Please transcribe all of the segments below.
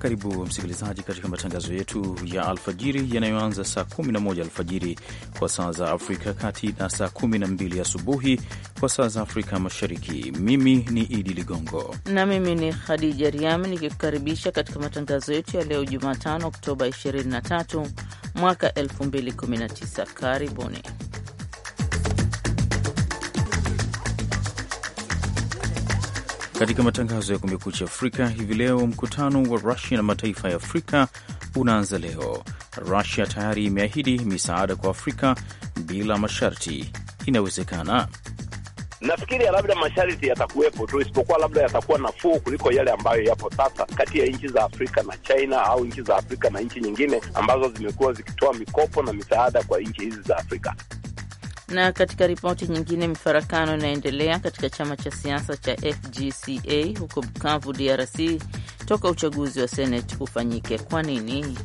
Karibu msikilizaji, katika matangazo yetu ya alfajiri yanayoanza saa 11 alfajiri kwa saa za Afrika Kati na saa 12 asubuhi kwa saa za Afrika Mashariki. Mimi ni Idi Ligongo na mimi ni Khadija Riami nikikukaribisha katika matangazo yetu ya leo Jumatano, Oktoba 23 mwaka 2019. Karibuni. Katika matangazo ya Kumekucha Afrika hivi leo, mkutano wa Rusia na mataifa ya Afrika unaanza leo. Rusia tayari imeahidi misaada kwa Afrika bila masharti. Inawezekana? Nafikiri ya labda masharti yatakuwepo tu, isipokuwa labda yatakuwa nafuu kuliko yale ambayo yapo sasa kati ya nchi za Afrika na China au nchi za Afrika na nchi nyingine ambazo zimekuwa zikitoa mikopo na misaada kwa nchi hizi za Afrika. Na katika ripoti nyingine, mifarakano inaendelea katika chama cha siasa cha FGCA huko Bukavu, DRC toka uchaguzi wa seneti ufanyike. Kwa nini?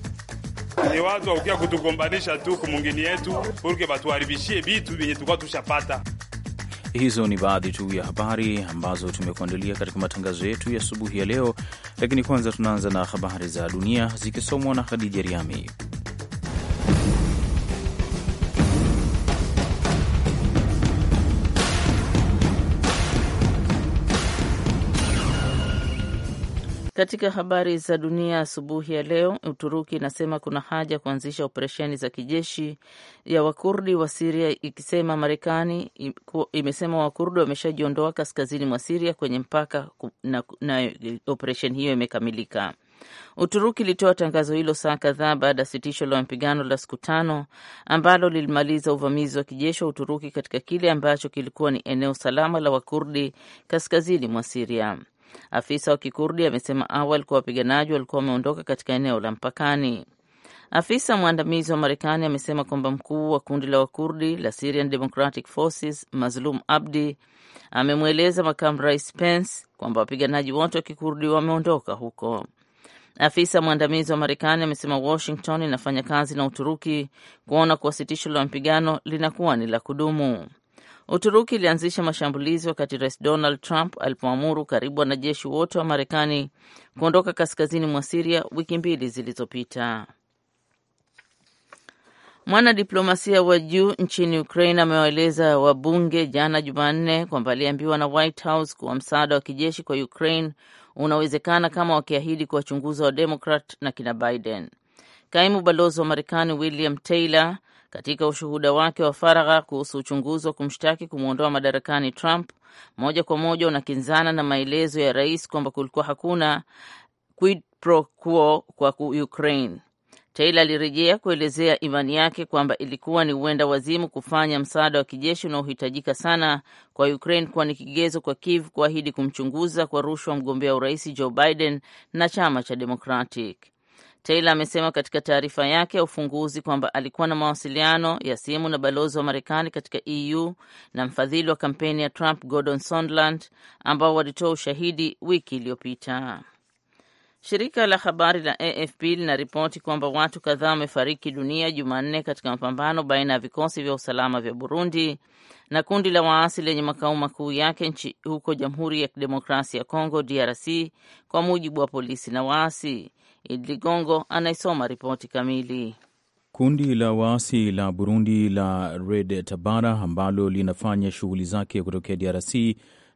ni watu waukia kutugombanisha tu kumungini yetu purke batuharibishie vitu vyenye tulikuwa tushapata. Hizo ni baadhi tu ya habari ambazo tumekuandalia katika matangazo yetu ya asubuhi ya leo, lakini kwanza tunaanza na habari za dunia zikisomwa na Khadija Riami. Katika habari za dunia asubuhi ya leo, Uturuki inasema kuna haja ya kuanzisha operesheni za kijeshi ya Wakurdi wa Siria, ikisema Marekani imesema Wakurdi wameshajiondoa kaskazini mwa Siria kwenye mpaka na, na operesheni hiyo imekamilika. Uturuki ilitoa tangazo hilo saa kadhaa baada ya sitisho la mapigano la siku tano ambalo lilimaliza uvamizi wa kijeshi wa Uturuki katika kile ambacho kilikuwa ni eneo salama la Wakurdi kaskazini mwa Siria. Afisa wa Kikurdi amesema awali kuwa wapiganaji walikuwa wameondoka katika eneo la mpakani. Afisa mwandamizi wa Marekani amesema kwamba mkuu wa kundi la Wakurdi la Syrian Democratic Forces Mazlum Abdi amemweleza makamu rais Pence kwamba wapiganaji wote wa Kikurdi wameondoka huko. Afisa mwandamizi wa Marekani amesema Washington inafanya kazi na Uturuki kuona kuwa sitisho la mapigano linakuwa ni la kudumu. Uturuki ilianzisha mashambulizi wakati Rais Donald Trump alipoamuru karibu wanajeshi wote wa Marekani kuondoka kaskazini mwa Siria wiki mbili zilizopita. Mwanadiplomasia wa juu nchini Ukraine amewaeleza wabunge jana Jumanne kwamba aliambiwa na White House kuwa msaada wa kijeshi kwa Ukraine unawezekana kama wakiahidi kuwachunguza wa Demokrat na kina Biden. Kaimu balozi wa Marekani William Taylor katika ushuhuda wake wa faragha kuhusu uchunguzi wa kumshtaki kumwondoa madarakani Trump, moja kwa moja unakinzana na maelezo ya rais kwamba kulikuwa hakuna quid pro quo kwa Ukraine. Taylor alirejea kuelezea imani yake kwamba ilikuwa ni uenda wazimu kufanya msaada wa kijeshi unaohitajika sana kwa Ukraine kuwa ni kigezo kwa Kiev kuahidi kumchunguza kwa rushwa mgombea urais Joe Biden na chama cha Democratic. Taylor amesema katika taarifa yake ya ufunguzi kwamba alikuwa na mawasiliano ya simu na balozi wa Marekani katika EU na mfadhili wa kampeni ya Trump Gordon Sondland ambao walitoa ushahidi wiki iliyopita. Shirika la habari la AFP linaripoti kwamba watu kadhaa wamefariki dunia Jumanne katika mapambano baina ya vikosi vya usalama vya Burundi na kundi la waasi lenye makao makuu yake nchi huko Jamhuri ya Kidemokrasia ya Kongo DRC, kwa mujibu wa polisi na waasi id Ligongo anaisoma ripoti kamili. Kundi la waasi la Burundi la Red Tabara ambalo linafanya shughuli zake kutokea DRC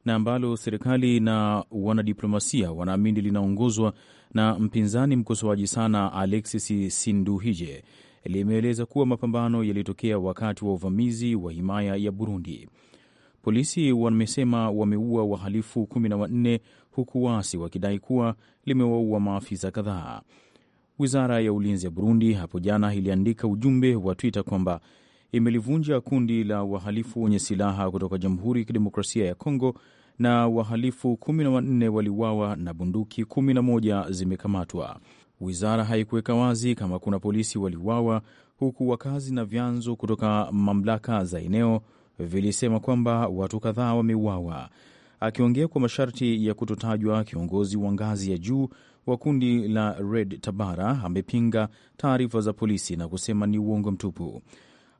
na ambalo serikali na wanadiplomasia wanaamini linaongozwa na mpinzani mkosoaji sana Alexis Sinduhije limeeleza kuwa mapambano yalitokea wakati wa uvamizi wa himaya ya Burundi. Polisi wamesema wameua wahalifu kumi na wanne huku waasi wakidai kuwa limewaua maafisa kadhaa. Wizara ya ulinzi ya Burundi hapo jana iliandika ujumbe wa Twitter kwamba imelivunja kundi la wahalifu wenye silaha kutoka Jamhuri ya Kidemokrasia ya Kongo na wahalifu 14 na waliuawa na bunduki 11 zimekamatwa. Wizara haikuweka wazi kama kuna polisi waliuawa, huku wakazi na vyanzo kutoka mamlaka za eneo vilisema kwamba watu kadhaa wameuawa. Akiongea kwa masharti ya kutotajwa, kiongozi wa ngazi ya juu wa kundi la Red Tabara amepinga taarifa za polisi na kusema ni uongo mtupu.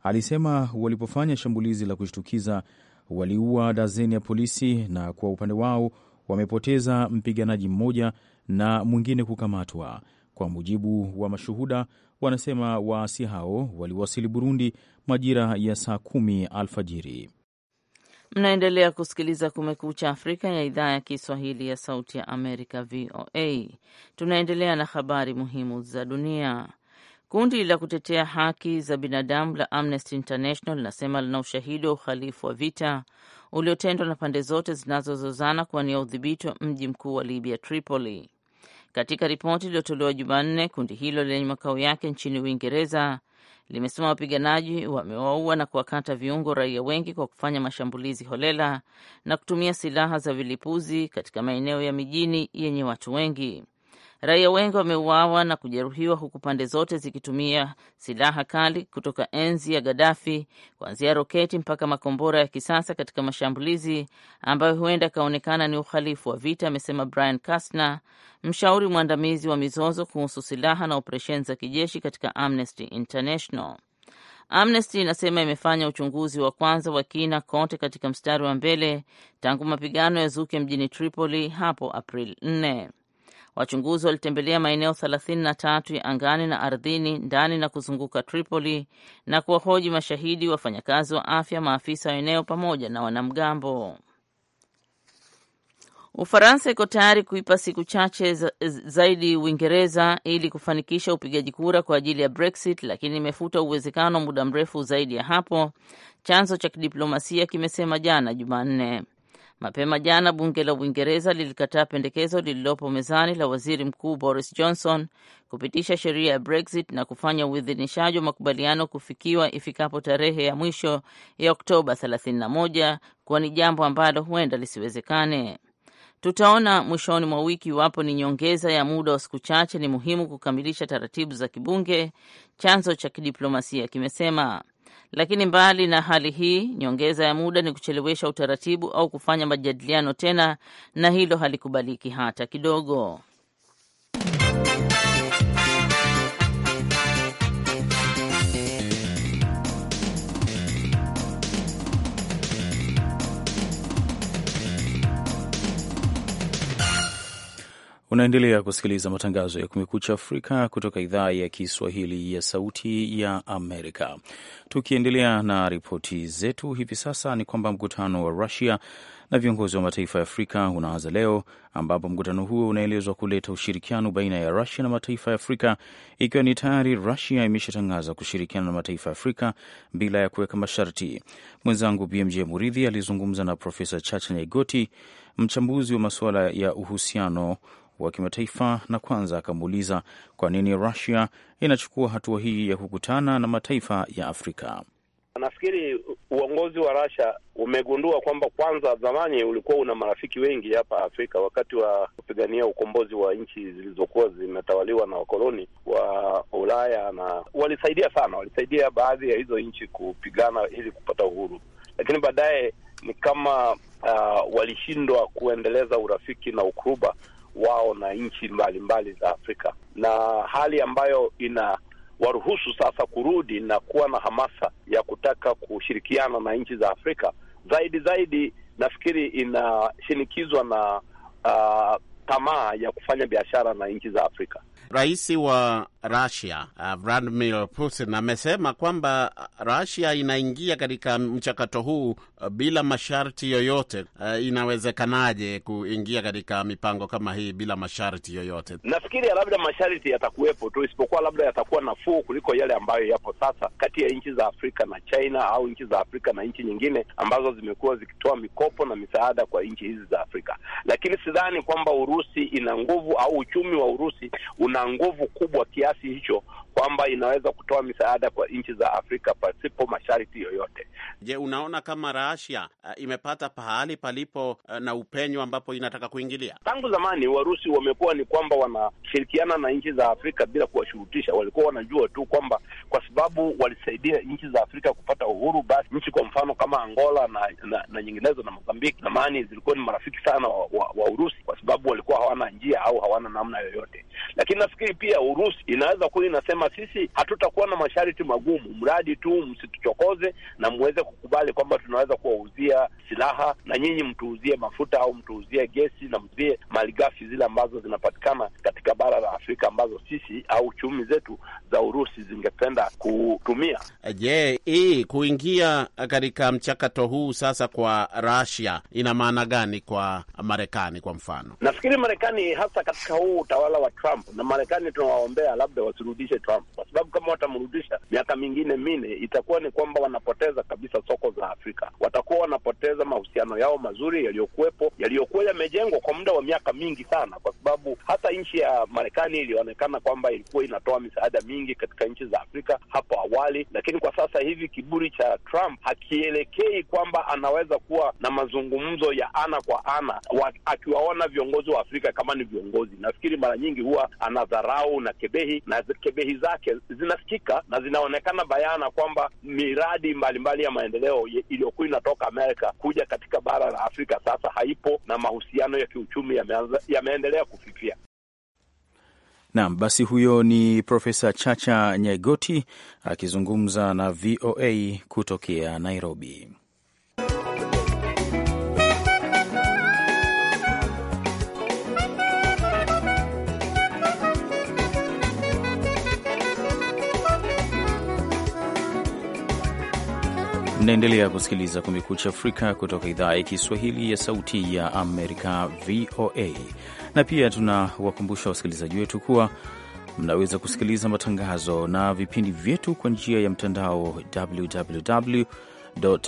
Alisema walipofanya shambulizi la kushtukiza waliua dazeni ya polisi, na kwa upande wao wamepoteza mpiganaji mmoja na mwingine kukamatwa. Kwa mujibu wa mashuhuda, wanasema waasi hao waliwasili Burundi majira ya saa kumi alfajiri. Mnaendelea kusikiliza Kumekucha Afrika ya idhaa ya Kiswahili ya Sauti ya Amerika, VOA. Tunaendelea na habari muhimu za dunia. Kundi la kutetea haki za binadamu la Amnesty International linasema lina ushahidi wa uhalifu wa vita uliotendwa na pande zote zinazozozana kuwania udhibiti wa mji mkuu wa Libya, Tripoli. Katika ripoti iliyotolewa Jumanne, kundi hilo lenye makao yake nchini Uingereza limesema wapiganaji wamewaua na kuwakata viungo raia wengi kwa kufanya mashambulizi holela na kutumia silaha za vilipuzi katika maeneo ya mijini yenye watu wengi. Raia wengi wameuawa na kujeruhiwa huku pande zote zikitumia silaha kali kutoka enzi ya Gadafi, kuanzia roketi mpaka makombora ya kisasa katika mashambulizi ambayo huenda akaonekana ni uhalifu wa vita, amesema Brian Kastner, mshauri mwandamizi wa mizozo kuhusu silaha na operesheni za kijeshi katika Amnesty International. Amnesty inasema imefanya uchunguzi wa kwanza wa kina kote katika mstari wa mbele tangu mapigano ya zuke mjini Tripoli hapo Aprili 4. Wachunguzi walitembelea maeneo 33 ya angani na ardhini ndani na kuzunguka Tripoli na kuwahoji mashahidi, wafanyakazi wa afya, maafisa wa eneo pamoja na wanamgambo. Ufaransa iko tayari kuipa siku chache zaidi Uingereza ili kufanikisha upigaji kura kwa ajili ya Brexit, lakini imefuta uwezekano muda mrefu zaidi ya hapo, chanzo cha kidiplomasia kimesema jana Jumanne. Mapema jana bunge la Uingereza lilikataa pendekezo lililopo mezani la waziri mkuu Boris Johnson kupitisha sheria ya Brexit na kufanya uidhinishaji wa makubaliano kufikiwa ifikapo tarehe ya mwisho ya Oktoba 31 kuwa ni jambo ambalo huenda lisiwezekane. Tutaona mwishoni mwa wiki iwapo ni nyongeza ya muda wa siku chache ni muhimu kukamilisha taratibu za kibunge, chanzo cha kidiplomasia kimesema. Lakini mbali na hali hii, nyongeza ya muda ni kuchelewesha utaratibu au kufanya majadiliano tena, na hilo halikubaliki hata kidogo. Unaendelea kusikiliza matangazo ya Kumekucha Afrika kutoka idhaa ya Kiswahili ya Sauti ya Amerika. Tukiendelea na ripoti zetu hivi sasa, ni kwamba mkutano wa Rusia na viongozi wa mataifa ya Afrika unaanza leo, ambapo mkutano huo unaelezwa kuleta ushirikiano baina ya Rusia na mataifa ya Afrika, ikiwa ni tayari Rusia imeshatangaza kushirikiana na mataifa ya Afrika bila ya kuweka masharti. Mwenzangu BMJ Muridhi alizungumza na Profesa Chacha Nyaigoti, mchambuzi wa masuala ya uhusiano wa kimataifa, na kwanza akamuuliza kwa nini Russia inachukua hatua hii ya kukutana na mataifa ya Afrika. Nafikiri uongozi wa Russia umegundua kwamba kwanza, zamani ulikuwa una marafiki wengi hapa Afrika wakati wa kupigania ukombozi wa nchi zilizokuwa zimetawaliwa na wakoloni wa Ulaya, na walisaidia sana, walisaidia baadhi ya hizo nchi kupigana ili kupata uhuru, lakini baadaye ni kama uh, walishindwa kuendeleza urafiki na ukuruba wao na nchi mbalimbali za Afrika, na hali ambayo ina waruhusu sasa kurudi na kuwa na hamasa ya kutaka kushirikiana na nchi za Afrika zaidi zaidi. Nafikiri inashinikizwa na uh, tamaa ya kufanya biashara na nchi za Afrika. Rais wa Russia uh, Vladimir Putin amesema kwamba Russia inaingia katika mchakato huu uh, bila masharti yoyote. Uh, inawezekanaje kuingia katika mipango kama hii bila masharti yoyote? nafikiri ya labda masharti yatakuwepo tu, isipokuwa labda yatakuwa nafuu kuliko yale ambayo yapo sasa kati ya nchi za Afrika na China au nchi za Afrika na nchi nyingine ambazo zimekuwa zikitoa mikopo na misaada kwa nchi hizi za Afrika, lakini sidhani kwamba Urusi ina nguvu au uchumi wa Urusi una nguvu kubwa kiasi hicho kwamba inaweza kutoa misaada kwa nchi za Afrika pasipo masharti yoyote. Je, unaona kama Rasia uh, eh, imepata pahali palipo uh, na upenyo ambapo inataka kuingilia? Tangu zamani Warusi wamekuwa ni kwamba wanashirikiana na nchi za Afrika bila kuwashurutisha. Walikuwa wanajua tu kwamba kwa sababu walisaidia nchi za Afrika kupata uhuru, basi nchi kwa mfano kama Angola na, na, na nyinginezo na Mozambiki zamani zilikuwa ni marafiki sana wa, wa, wa Urusi kwa sababu walikuwa hawana njia au hawana namna yoyote, lakini nafikiri pia Urusi inaweza kuwa inasema sisi hatutakuwa na masharti magumu, mradi tu msituchokoze na mweze kukubali kwamba tunaweza kuwauzia silaha na nyinyi mtuuzie mafuta au mtuuzie gesi na mtuuzie malighafi zile ambazo zinapatikana katika bara la Afrika ambazo sisi au chumi zetu za Urusi zingependa kutumia. Je, hii kuingia katika mchakato huu sasa kwa Russia ina maana gani kwa Marekani? Kwa mfano, nafikiri Marekani hasa katika huu utawala wa Trump na Marekani tunawaombea labda wasirudishe Trump, kwa sababu kama watamrudisha miaka mingine minne, itakuwa ni kwamba wanapoteza kabisa soko za Afrika, watakuwa wanapoteza mahusiano yao mazuri yaliyokuwepo, yaliyokuwa yamejengwa kwa muda wa miaka mingi sana, kwa sababu hata nchi ya Marekani ilionekana kwamba ilikuwa inatoa misaada mingi katika nchi za Afrika hapo awali, lakini kwa sasa hivi kiburi cha Trump hakielekei kwamba anaweza kuwa na mazungumzo ya ana kwa ana wa, akiwaona viongozi wa Afrika kama ni viongozi. Nafikiri mara nyingi huwa anadharau na kebehi na kebehi zake zinasikika na zinaonekana bayana kwamba miradi mbalimbali mbali ya maendeleo iliyokuwa inatoka Amerika kuja katika bara la Afrika sasa haipo, na mahusiano ya kiuchumi yameendelea ya kufifia. Naam, basi huyo ni Profesa Chacha Nyaigoti akizungumza na VOA kutokea Nairobi. Mnaendelea kusikiliza Kumekucha Afrika kutoka idhaa ya Kiswahili ya Sauti ya Amerika, VOA. Na pia tunawakumbusha wasikilizaji wetu kuwa mnaweza kusikiliza matangazo na vipindi vyetu kwa njia ya mtandao www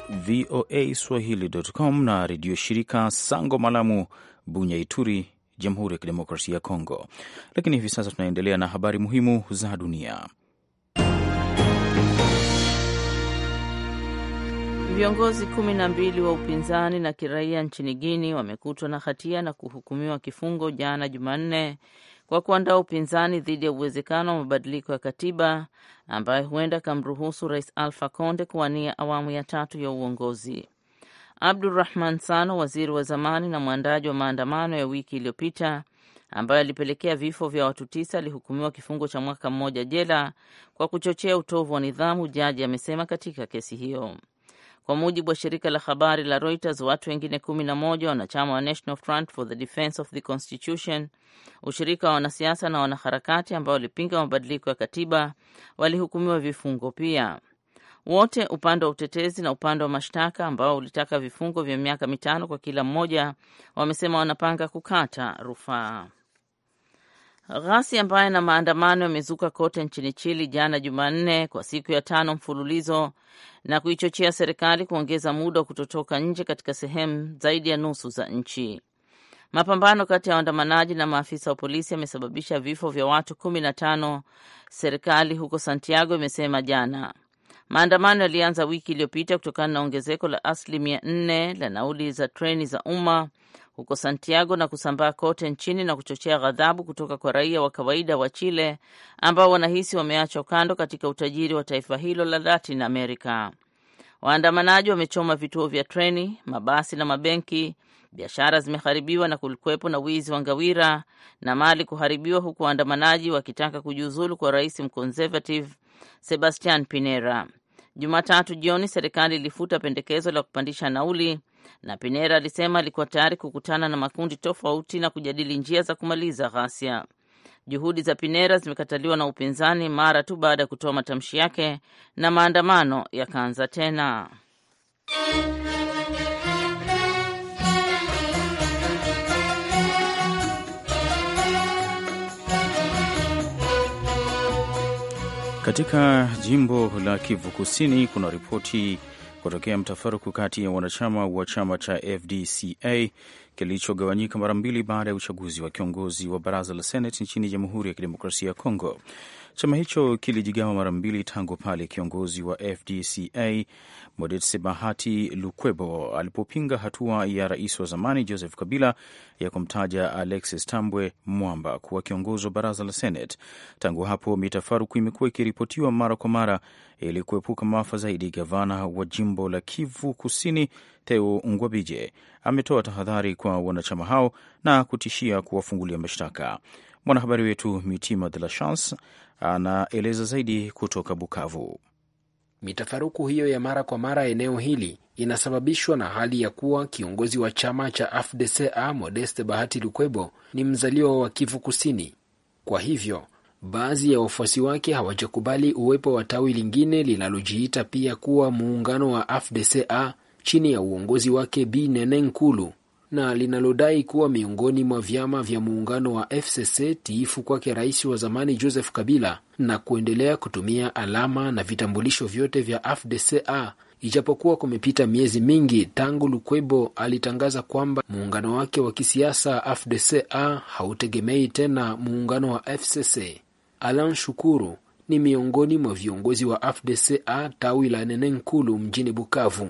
voa swahili.com na redio shirika Sango Malamu, Bunya Ituri, Jamhuri ya Kidemokrasia ya Kongo. Lakini hivi sasa tunaendelea na habari muhimu za dunia. Viongozi kumi na mbili wa upinzani na kiraia nchini Guini wamekutwa na hatia na kuhukumiwa kifungo jana Jumanne kwa kuandaa upinzani dhidi ya uwezekano wa mabadiliko ya katiba ambayo huenda akamruhusu Rais alfa Conde kuwania awamu ya tatu ya uongozi. Abdurahman Sano, waziri wa zamani na mwandaji wa maandamano ya wiki iliyopita ambayo alipelekea vifo vya watu tisa, alihukumiwa kifungo cha mwaka mmoja jela kwa kuchochea utovu wa nidhamu, jaji amesema katika kesi hiyo. Kwa mujibu wa shirika la habari la Reuters, watu wengine kumi na moja wanachama wa National Front for the Defense of the Constitution, ushirika wa wanasiasa na wanaharakati ambao walipinga mabadiliko ya katiba, walihukumiwa vifungo pia. Wote upande wa utetezi na upande wa mashtaka ambao ulitaka vifungo vya miaka mitano kwa kila mmoja, wamesema wanapanga kukata rufaa. Ghasia ambayo na maandamano yamezuka kote nchini chili jana Jumanne kwa siku ya tano mfululizo na kuichochea serikali kuongeza muda wa kutotoka nje katika sehemu zaidi ya nusu za nchi. Mapambano kati ya waandamanaji na maafisa wa polisi yamesababisha vifo vya watu kumi na tano, serikali huko Santiago imesema jana. Maandamano yalianza wiki iliyopita kutokana na ongezeko la asilimia nne la nauli za treni za umma huko Santiago na kusambaa kote nchini na kuchochea ghadhabu kutoka kwa raia wa kawaida wa Chile ambao wanahisi wameachwa kando katika utajiri wa taifa hilo la Latin America. Waandamanaji wamechoma vituo vya treni, mabasi na mabenki. Biashara zimeharibiwa na kulikuwepo na wizi wa ngawira na mali kuharibiwa, huku waandamanaji wakitaka kujiuzulu kwa rais mconservative Sebastian Pinera. Jumatatu jioni serikali ilifuta pendekezo la kupandisha nauli, na Pinera alisema alikuwa tayari kukutana na makundi tofauti na kujadili njia za kumaliza ghasia. Juhudi za Pinera zimekataliwa na upinzani mara tu baada ya kutoa matamshi yake, na maandamano yakaanza tena. Katika jimbo la Kivu Kusini kuna ripoti kutokea mtafaruku kati ya wanachama wa chama cha FDCA kilichogawanyika mara mbili baada ya uchaguzi wa kiongozi wa baraza la seneti nchini Jamhuri ya Kidemokrasia ya Kongo. Chama hicho kilijigawa mara mbili tangu pale kiongozi wa FDCA Modetse Bahati Lukwebo alipopinga hatua ya rais wa zamani Joseph Kabila ya kumtaja Alexis Tambwe Mwamba kuwa kiongozi wa baraza la Senate. Tangu hapo, mitafaruku imekuwa ikiripotiwa mara kwa mara. Ili kuepuka maafa zaidi, gavana wa jimbo la Kivu Kusini Teo Ngwabije ametoa tahadhari kwa wanachama hao na kutishia kuwafungulia mashtaka. Mwanahabari wetu Mitima de la Chance anaeleza zaidi kutoka Bukavu. Mitafaruku hiyo ya mara kwa mara eneo hili inasababishwa na hali ya kuwa kiongozi wa chama cha AFDCA Modeste Bahati Lukwebo ni mzaliwa wa Kivu Kusini. Kwa hivyo baadhi ya wafuasi wake hawajakubali uwepo wa tawi lingine linalojiita pia kuwa muungano wa AFDCA chini ya uongozi wake b Nene Nkulu na linalodai kuwa miongoni mwa vyama vya muungano wa FCC tiifu kwake rais wa zamani Joseph Kabila na kuendelea kutumia alama na vitambulisho vyote vya AFDCA ijapokuwa kumepita miezi mingi tangu Lukwebo alitangaza kwamba muungano wake wa kisiasa AFDCA hautegemei tena muungano wa FCC. Alan Shukuru ni miongoni mwa viongozi wa AFDCA tawi la Nenenkulu mjini Bukavu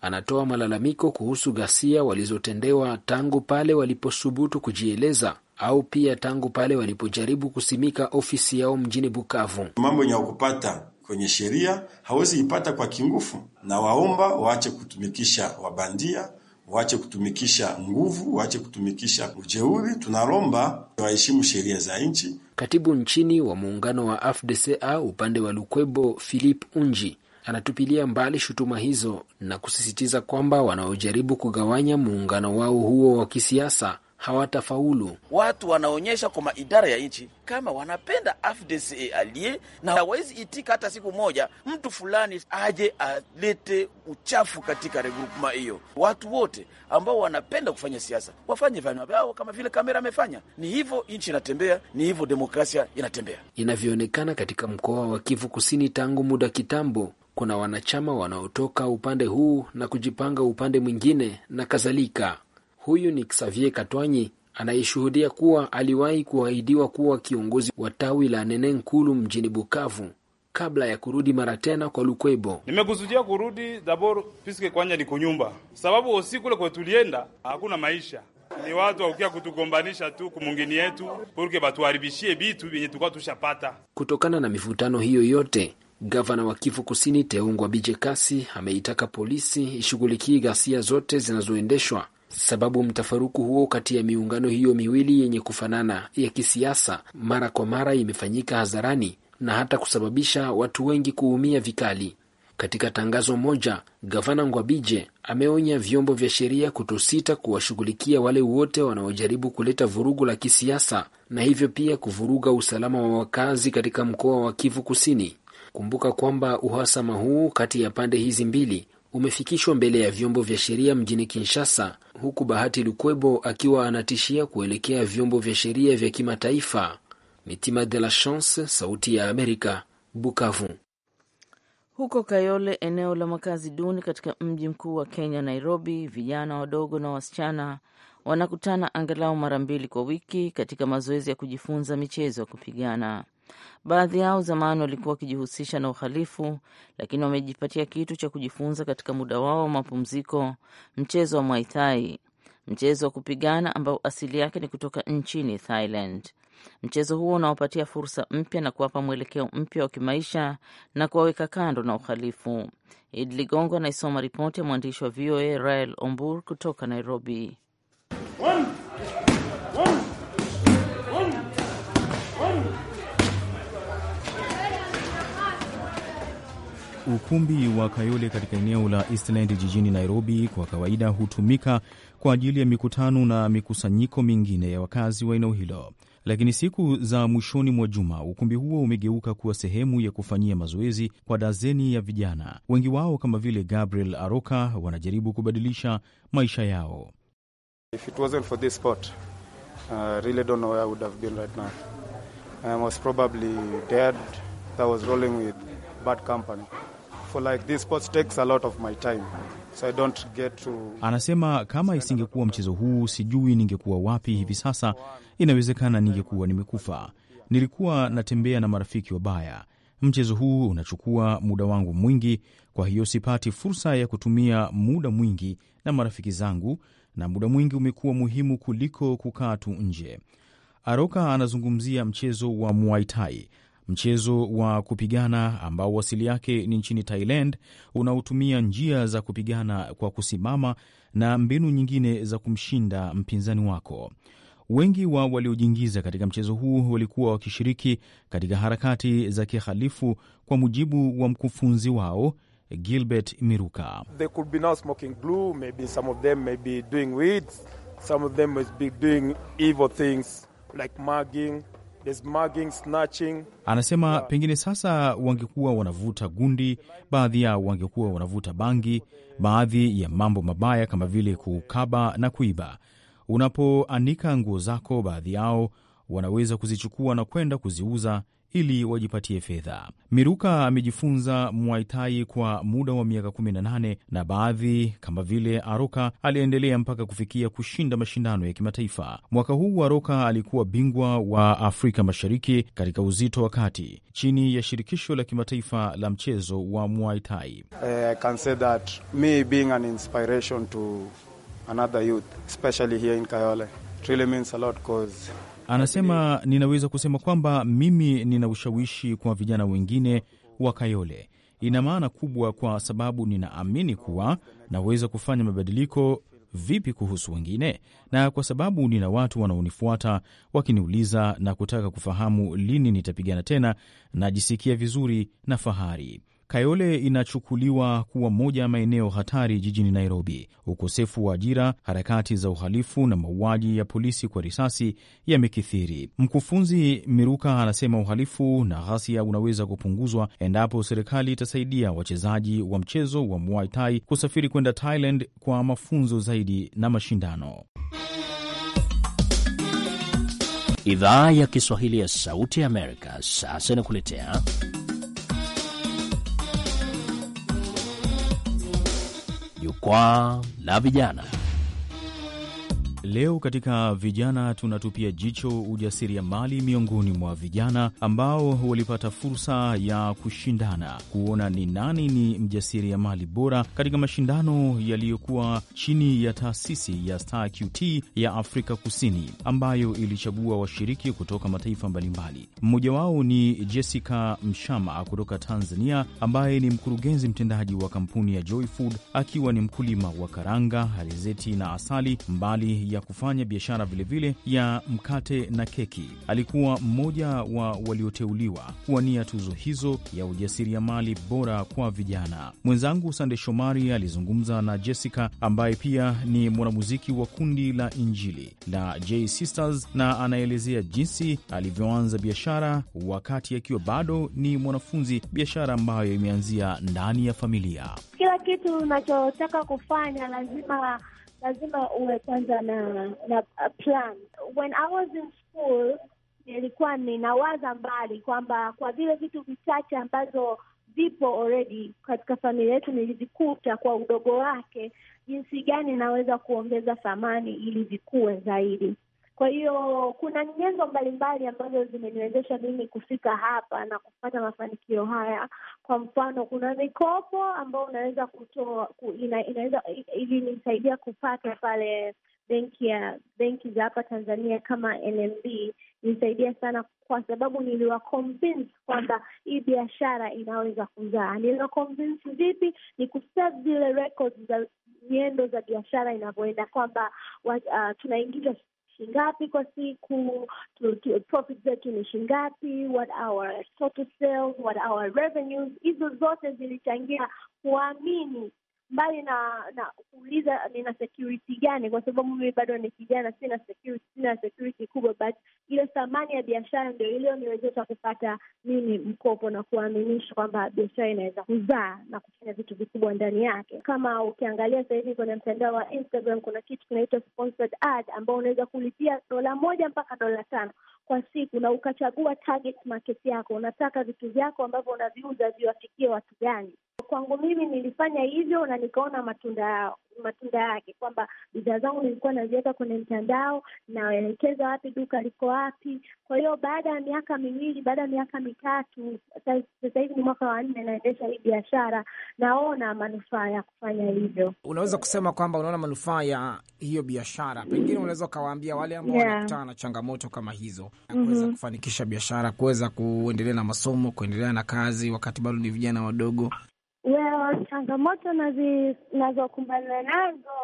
anatoa malalamiko kuhusu ghasia walizotendewa tangu pale waliposubutu kujieleza au pia tangu pale walipojaribu kusimika ofisi yao mjini Bukavu. Mambo yenye kupata kwenye sheria hawezi ipata kwa kingufu, na waomba waache kutumikisha wabandia, waache kutumikisha nguvu, waache kutumikisha ujeuri. Tunalomba waheshimu sheria za nchi. Katibu nchini wa muungano wa AFDCA upande wa Lukwebo Philip Unji anatupilia mbali shutuma hizo na kusisitiza kwamba wanaojaribu kugawanya muungano wao huo wa kisiasa hawatafaulu. Watu wanaonyesha kwa idara ya nchi kama wanapenda FDC alie na hawezi itika hata siku moja mtu fulani aje alete uchafu katika regrupma hiyo. Watu wote ambao wanapenda kufanya siasa wafanye vanywa vyao kama vile Kamera amefanya. Ni hivyo nchi inatembea, ni hivyo demokrasia inatembea. Inavyoonekana katika mkoa wa Kivu Kusini tangu muda kitambo kuna wanachama wanaotoka upande huu na kujipanga upande mwingine na kadhalika. Huyu ni Xavier Katwanyi anayeshuhudia kuwa aliwahi kuahidiwa kuwa kiongozi wa tawi la Nene Nkulu mjini Bukavu kabla ya kurudi mara tena kwa Lukwebo. Nimekusudia kurudi dabor piske kwanja ni kunyumba, sababu usiku kule kwe tulienda hakuna maisha, ni watu waukia kutugombanisha tu kumungini yetu purke batuharibishie bitu vyenye tukwa tushapata. Kutokana na mivutano hiyo yote Gavana wa Kivu Kusini Teungwa Bije Kasi ameitaka polisi ishughulikie ghasia zote zinazoendeshwa sababu mtafaruku huo kati ya miungano hiyo miwili yenye kufanana ya kisiasa mara kwa mara imefanyika hadharani na hata kusababisha watu wengi kuumia vikali. Katika tangazo moja, gavana Ngwabije ameonya vyombo vya sheria kutosita kuwashughulikia wale wote wanaojaribu kuleta vurugu la kisiasa na hivyo pia kuvuruga usalama wa wakazi katika mkoa wa Kivu Kusini. Kumbuka kwamba uhasama huu kati ya pande hizi mbili umefikishwa mbele ya vyombo vya sheria mjini Kinshasa, huku Bahati Lukwebo akiwa anatishia kuelekea vyombo vya sheria vya kimataifa. Mitima de la Chance, Sauti ya Amerika, Bukavu. Huko Kayole, eneo la makazi duni katika mji mkuu wa Kenya, Nairobi, vijana wadogo na wasichana wanakutana angalau mara mbili kwa wiki katika mazoezi ya kujifunza michezo ya kupigana. Baadhi yao zamani walikuwa wakijihusisha na uhalifu, lakini wamejipatia kitu cha kujifunza katika muda wao wa mapumziko: mchezo wa Muay Thai, mchezo wa kupigana ambao asili yake ni kutoka nchini Thailand. Mchezo huo unawapatia fursa mpya na kuwapa mwelekeo mpya wa kimaisha na kuwaweka kando na uhalifu. Id Ligongo anaisoma ripoti ya mwandishi wa VOA Rael Ombur kutoka Nairobi. One. Ukumbi wa Kayole katika eneo la Eastland jijini Nairobi kwa kawaida hutumika kwa ajili ya mikutano na mikusanyiko mingine ya wakazi wa eneo hilo, lakini siku za mwishoni mwa juma ukumbi huo umegeuka kuwa sehemu ya kufanyia mazoezi kwa dazeni ya vijana. Wengi wao kama vile Gabriel Aroka wanajaribu kubadilisha maisha yao. If it wasn't for this I really don't know where I would have been right now. I was probably dead. was rolling with bad company. Anasema kama isingekuwa mchezo huu, sijui ningekuwa wapi hivi sasa. Inawezekana ningekuwa nimekufa. Nilikuwa natembea na marafiki wabaya. Mchezo huu unachukua muda wangu mwingi, kwa hiyo sipati fursa ya kutumia muda mwingi na marafiki zangu, na muda mwingi umekuwa muhimu kuliko kukaa tu nje. Aroka anazungumzia mchezo wa Muay Thai mchezo wa kupigana ambao wasili yake ni nchini Thailand unaotumia njia za kupigana kwa kusimama na mbinu nyingine za kumshinda mpinzani wako. Wengi wa waliojiingiza katika mchezo huu walikuwa wakishiriki katika harakati za kihalifu, kwa mujibu wa mkufunzi wao Gilbert Miruka. They Anasema pengine sasa wangekuwa wanavuta gundi, baadhi yao wangekuwa wanavuta bangi, baadhi ya mambo mabaya kama vile kukaba na kuiba. Unapoanika nguo zako, baadhi yao wanaweza kuzichukua na kwenda kuziuza ili wajipatie fedha. Miruka amejifunza Muaitai kwa muda wa miaka 18 na baadhi kama vile Aroka aliendelea mpaka kufikia kushinda mashindano ya kimataifa. Mwaka huu Aroka alikuwa bingwa wa Afrika Mashariki katika uzito wa kati chini ya shirikisho la kimataifa la mchezo wa mwaitai Uh, eh, Anasema ninaweza kusema kwamba mimi nina ushawishi kwa vijana wengine wa Kayole. Ina maana kubwa kwa sababu ninaamini kuwa naweza kufanya mabadiliko vipi kuhusu wengine, na kwa sababu nina watu wanaonifuata wakiniuliza na kutaka kufahamu lini nitapigana tena, najisikia vizuri na fahari. Kayole inachukuliwa kuwa moja ya maeneo hatari jijini Nairobi. Ukosefu wa ajira, harakati za uhalifu na mauaji ya polisi kwa risasi yamekithiri. Mkufunzi Miruka anasema uhalifu na ghasia unaweza kupunguzwa endapo serikali itasaidia wachezaji wa mchezo wa Muay Thai kusafiri kwenda Thailand kwa mafunzo zaidi na mashindano. Idhaa ya Kiswahili ya Sauti ya Amerika sasa inakuletea Jukwaa la Vijana. Leo katika vijana tunatupia jicho ujasiriamali miongoni mwa vijana ambao walipata fursa ya kushindana kuona ni nani ni mjasiriamali bora katika mashindano yaliyokuwa chini ya taasisi ya StarQT ya Afrika Kusini ambayo ilichagua washiriki kutoka mataifa mbalimbali. Mmoja wao ni Jessica Mshama kutoka Tanzania ambaye ni mkurugenzi mtendaji wa kampuni ya Joyfood akiwa ni mkulima wa karanga, alizeti na asali mbali ya kufanya biashara vilevile ya mkate na keki. Alikuwa mmoja wa walioteuliwa kuwania tuzo hizo ya ujasiriamali bora kwa vijana. Mwenzangu Sande Shomari alizungumza na Jessica ambaye pia ni mwanamuziki wa kundi la Injili la J Sisters na anaelezea jinsi alivyoanza biashara wakati akiwa bado ni mwanafunzi, biashara ambayo imeanzia ndani ya familia. Kila kitu unachotaka kufanya lazima lazima uwe kwanza na na uh, plan. When I was in school nilikuwa ninawaza mbali kwamba kwa vile vitu vichache ambazo vipo already katika familia yetu nilivikuta kwa udogo wake, jinsi gani naweza kuongeza thamani ili vikue zaidi. Kwa hiyo kuna nyenzo mbalimbali ambazo zimeniwezesha mimi kufika hapa na kupata mafanikio haya. Kwa mfano, kuna mikopo ambayo unaweza kutoa ku, ina, inaweza ilinisaidia kupata pale benki ya benki za hapa Tanzania kama NMB ilisaidia sana, kwa sababu niliwaconvince kwamba hii biashara inaweza kuzaa. Niliwaconvince vipi? Ni kusave zile records za nyendo za biashara inavyoenda, kwamba uh, tunaingiza shingapi kwa siku, profit zetu ni shingapi, what our total sales, what our revenues. Hizo zote zilichangia kuamini mbali na na kuuliza nina security gani, kwa sababu mimi bado ni kijana, sina security, sina security kubwa, but ile thamani ya biashara ndio iliyoniwezesha kupata mimi mkopo na kuaminisha kwamba biashara inaweza kuzaa na kufanya vitu vikubwa ndani yake. Kama ukiangalia sasa hivi kwenye mtandao wa Instagram kuna kitu kinaitwa sponsored ad, ambao unaweza kulipia dola moja mpaka dola tano kwa siku na ukachagua target market yako, unataka vitu vyako ambavyo unaviuza viwafikie watu gani kwangu mimi nilifanya hivyo na nikaona matunda matunda yake, kwamba bidhaa zangu nilikuwa naziweka kwenye mtandao, naelekeza wapi, duka liko wapi. Kwa hiyo baada ya miaka miwili, baada ya miaka mitatu, sasa hivi ni mwaka wa nne naendesha hii biashara, naona manufaa ya kufanya hivyo. Unaweza kusema kwamba unaona manufaa ya hiyo biashara, pengine unaweza ukawaambia wale ambao yeah, wanakutana na changamoto kama hizo, mhm. kuweza mm -hmm, kufanikisha biashara, kuweza kuendelea na masomo, kuendelea na kazi, wakati bado ni vijana wadogo Well, changamoto nazokumbana nazo,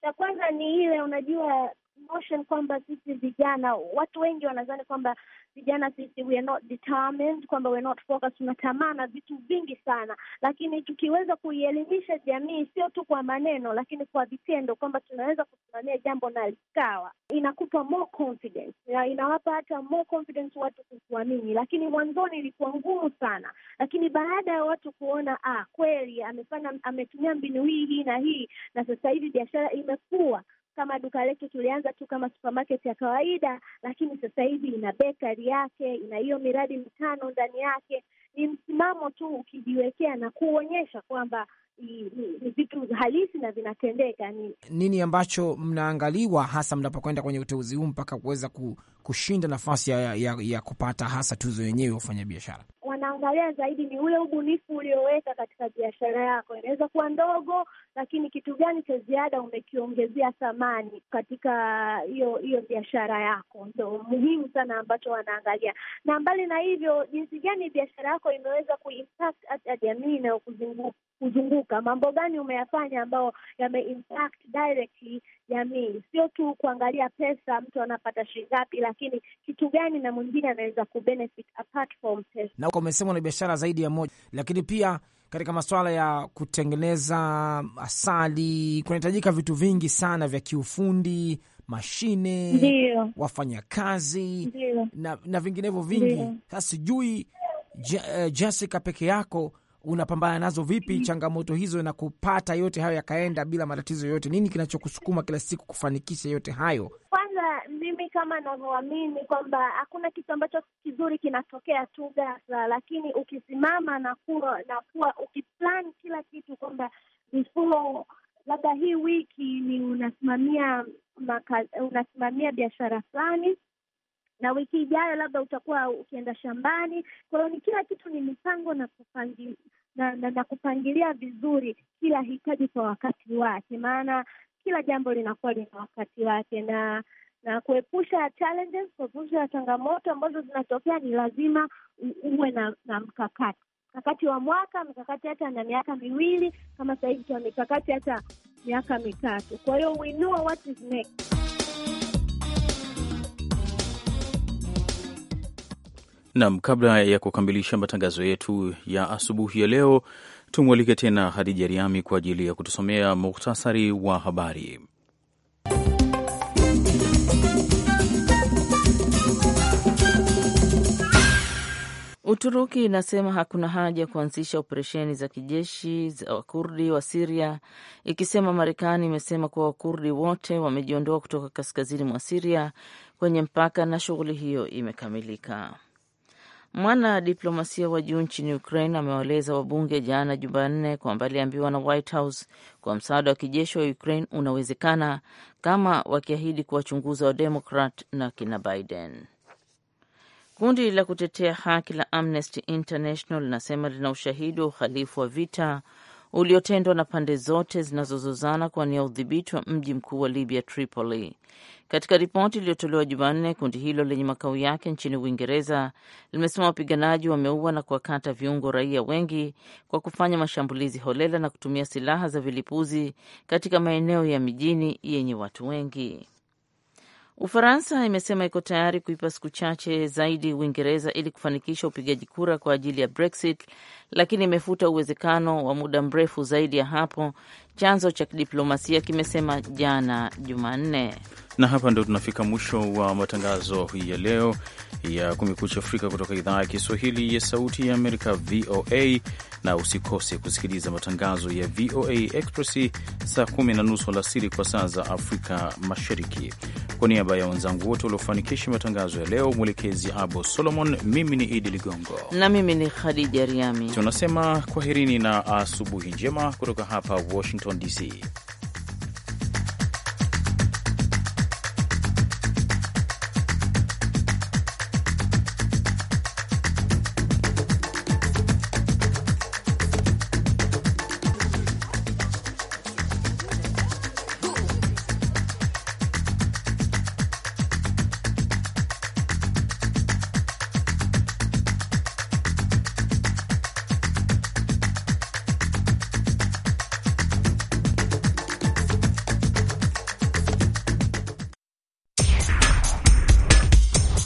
cha kwanza ni ile, unajua notion kwamba sisi vijana, watu wengi wanadhani kwamba vijana sisi we are not determined, kwamba we are not focused, tunatamana vitu vingi sana, lakini tukiweza kuielimisha jamii sio tu kwa maneno, lakini kwa vitendo, kwamba tunaweza kusimamia jambo na likawa, inakupa more confidence na inawapa hata more confidence watu kukuamini. Lakini mwanzoni ilikuwa ngumu sana, lakini baada ya watu kuona ah, kweli amefanya, ametumia mbinu hii hii na hii, na sasa hivi biashara imekuwa kama duka letu tulianza tu kama supermarket ya kawaida, lakini sasa hivi ina bakery yake, ina hiyo miradi mitano ndani yake. Ni msimamo tu ukijiwekea na kuonyesha kwamba ni vitu halisi na vinatendeka. Ni nini ambacho mnaangaliwa hasa mnapokwenda kwenye uteuzi huu mpaka kuweza kushinda nafasi ya, ya, ya kupata hasa tuzo yenyewe wafanya biashara? Wanaangalia zaidi ni ule ubunifu ulioweka katika biashara yako, inaweza kuwa ndogo lakini kitu gani cha ziada umekiongezea thamani katika hiyo hiyo biashara yako, ndo muhimu sana ambacho wanaangalia. Na mbali na hivyo, jinsi gani biashara yako imeweza kuimpact hata jamii inayokuzunguka, mambo gani umeyafanya ambayo yameimpact directly jamii, sio tu kuangalia pesa mtu anapata shilingi ngapi, lakini kitu gani na mwingine anaweza kubenefit apart from pesa. Na umesema na biashara zaidi ya moja, lakini pia katika masuala ya kutengeneza asali kunahitajika vitu vingi sana vya kiufundi, mashine, wafanyakazi na, na vinginevyo vingi. Sasa sijui eh, Jessica peke yako unapambana nazo vipi? Mm. changamoto hizo na kupata yote hayo yakaenda bila matatizo yoyote, nini kinachokusukuma kila siku kufanikisha yote hayo mimi kama navyoamini kwamba hakuna kitu ambacho kizuri kinatokea tu gasa lakini ukisimama na kuwa na kuwa ukiplan kila kitu kwamba before labda hii wiki ni unasimamia maka, unasimamia biashara fulani na wiki ijayo labda utakuwa ukienda shambani. Kwa hiyo ni kila kitu ni mipango na kupangi na, na, na kupangilia vizuri kila hitaji kwa wakati wake, maana kila jambo linakuwa lina wakati wake na na kuepusha challenges, kuepusha changamoto ambazo zinatokea, ni lazima uwe na, na mkakati mkakati wa mwaka, mikakati hata na miaka miwili, kama sasa hivi tuna mikakati hata miaka mitatu. Kwa hiyo we know what is next. Nam, kabla ya kukamilisha matangazo yetu ya asubuhi ya leo, tumwalike tena Hadija Riami kwa ajili ya kutusomea muhtasari wa habari. Uturuki inasema hakuna haja ya kuanzisha operesheni za kijeshi za Wakurdi wa Siria, ikisema Marekani imesema kuwa Wakurdi wote wamejiondoa kutoka kaskazini mwa Siria kwenye mpaka na shughuli hiyo imekamilika. Mwana diplomasia wa juu nchini Ukraine amewaeleza wabunge jana Jumanne kwamba aliambiwa na White House kwa msaada wa kijeshi wa Ukraine unawezekana kama wakiahidi kuwachunguza wa Demokrat na kina Biden. Kundi la kutetea haki la Amnesty International linasema lina ushahidi wa uhalifu wa vita uliotendwa na pande zote zinazozozana kuwania udhibiti wa mji mkuu wa Libya, Tripoli. Katika ripoti iliyotolewa Jumanne, kundi hilo lenye makao yake nchini Uingereza limesema wapiganaji wameua na kuwakata viungo raia wengi kwa kufanya mashambulizi holela na kutumia silaha za vilipuzi katika maeneo ya mijini yenye watu wengi. Ufaransa imesema iko tayari kuipa siku chache zaidi Uingereza ili kufanikisha upigaji kura kwa ajili ya Brexit, lakini imefuta uwezekano wa muda mrefu zaidi ya hapo, chanzo cha kidiplomasia kimesema jana Jumanne. Na hapa ndio tunafika mwisho wa matangazo ya leo ya Kumekucha Afrika kutoka idhaa ya Kiswahili ya Sauti ya Amerika, VOA. Na usikose kusikiliza matangazo ya VOA Express saa kumi na nusu alasiri kwa saa za Afrika Mashariki. Kwa niaba ya wenzangu wote waliofanikisha matangazo ya leo, mwelekezi Abo Solomon, mimi ni Idi Ligongo na mimi ni Khadija Riami tunasema kwaherini na asubuhi njema kutoka hapa Washington DC.